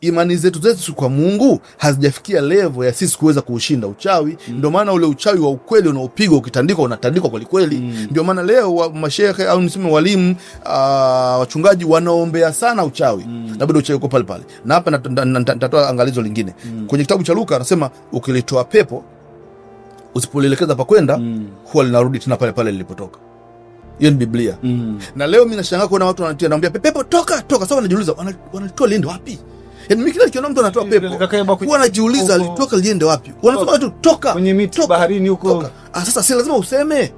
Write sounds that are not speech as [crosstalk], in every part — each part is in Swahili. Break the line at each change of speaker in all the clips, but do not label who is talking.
imani zetu zetu kwa Mungu hazijafikia levo ya sisi kuweza kuushinda uchawi mm. Ndio maana ule uchawi wa ukweli unaopigwa ukitandikwa, unatandikwa kweli kweli. mm. Ndio maana leo wa mashehe au niseme walimu uh, wachungaji wanaombea sana uchawi mm. Na bado uchawi uko pale pale, na hapa nitatoa angalizo lingine mm. Kwenye kitabu cha Luka anasema ukilitoa pepo usipolielekeza pa kwenda mm. huwa linarudi tena pale pale lilipotoka. Hiyo ni Biblia mm. Na leo mi nashangaa kuona watu wanatia naambia pepo toka toka, sasa wanajiuliza wanalitoa liende wapi? yani mimi kila nikiona mtu anatoa pepo, huwa anajiuliza alitoka liende wapi? Wanasema tu toka
kwenye miti baharini huko.
Ah, sasa si lazima useme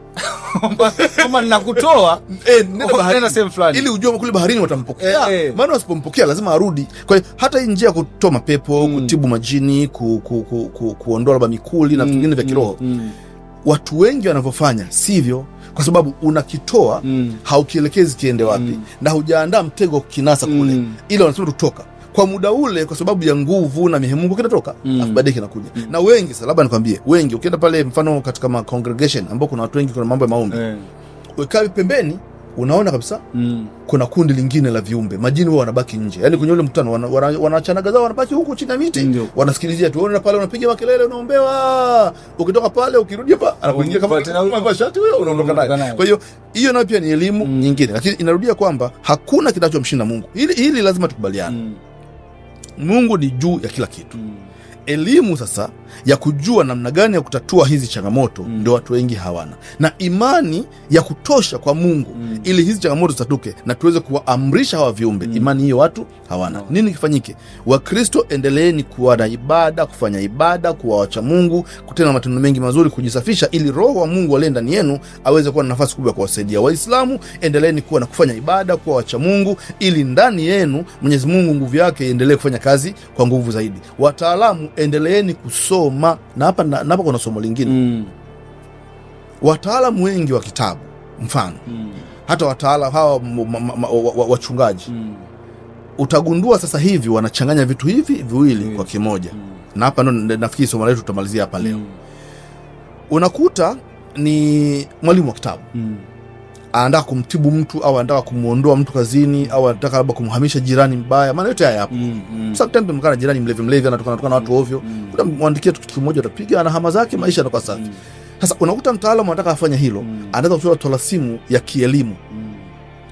[laughs] kama ninakutoa
[laughs] eh, [laughs] nenda sehemu fulani, ili ujue kule baharini watampokea eh, eh. Maana wasipompokea lazima arudi. Kwa hiyo hata hii njia ya kutoa mapepo mm. kutibu majini ku, ku, ku, ku, kuondoa labda mikuli na hmm, vingine mm, vya hmm, kiroho mm. watu wengi wanavyofanya sivyo kwa sababu unakitoa mm. haukielekezi kiende wapi mm. na hujaandaa mtego wa kukinasa kule mm. ila wanasema tutoka kwa muda ule, kwa sababu ya nguvu na mihemungu kinatoka mm. afu baadaye kinakuja mm. na wengi sasa, labda nikwambie, wengi ukienda pale mfano katika ma congregation ambao kuna watu wengi, kuna mambo ya maombi mm. Eh. ukae pembeni unaona kabisa mm. kuna kundi lingine la viumbe majini wao wanabaki nje, yani kwenye ule mkutano wanaachanaga wana, wana zao wanabaki huko chini ya miti wanasikilizia tu, unaona pale unapiga makelele unaombewa, ukitoka pale ukirudi hapa anakuingia kama
kama shati wewe unaondoka naye.
Kwa hiyo hiyo nayo pia ni elimu mm. nyingine, lakini inarudia kwamba hakuna kinachomshinda Mungu. Hili, hili lazima tukubaliane mm. Mungu ni juu ya kila kitu mm elimu sasa ya kujua namna gani ya kutatua hizi changamoto mm. Ndio watu wengi hawana na imani ya kutosha kwa Mungu mm. Ili hizi changamoto zitatuke na tuweze kuwaamrisha hawa viumbe mm. Imani hiyo watu hawana no. Nini kifanyike? Wakristo, endeleeni kuwa na ibada, kufanya ibada, kuwawacha Mungu, kutenda matendo mengi mazuri, kujisafisha, ili Roho wa Mungu aliye ndani yenu aweze kuwa na nafasi kubwa ya kuwasaidia Waislamu. Endeleeni kuwa na kufanya ibada, kuwawacha Mungu, ili ndani yenu Mwenyezi Mungu nguvu yake iendelee kufanya kazi kwa nguvu zaidi. Wataalamu endeleeni kusoma. Na hapa na, na hapa kuna somo lingine mm. wataalamu wengi wa kitabu mfano mm. hata wataalamu hawa wachungaji mm. utagundua sasa hivi wanachanganya vitu hivi viwili kwa kimoja mm. na hapa ndo nafikiri somo letu tutamalizia hapa leo mm. unakuta ni mwalimu wa kitabu mm anataka kumtibu mtu au anataka kumwondoa mtu kazini au anataka labda kumhamisha jirani mbaya, maana yote haya hapo mm, mm. jirani mlevi mlevi, anatoka anatoka na watu ovyo mm, mm. kitu kimoja, utapiga ana hama zake, maisha yanakuwa safi mm. Sasa unakuta mtaalamu anataka afanye hilo mm. Anaweza kutoa tola simu ya kielimu mm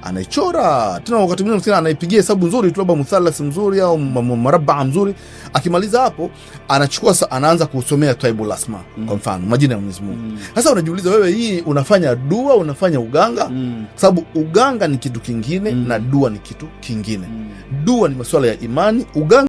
anaichora tena, wakati mwingine anaipigia hesabu nzuri tu, labda muthalas mzuri au marabaa mzuri. Akimaliza hapo, anachukua anaanza kusomea taibul asma mm. kwa mfano majina ya Mwenyezi Mungu mm. sasa. Mm. Unajiuliza wewe, hii unafanya dua, unafanya uganga mm. sababu uganga ni kitu kingine mm. na dua ni kitu kingine mm. Dua ni masuala ya imani, uganga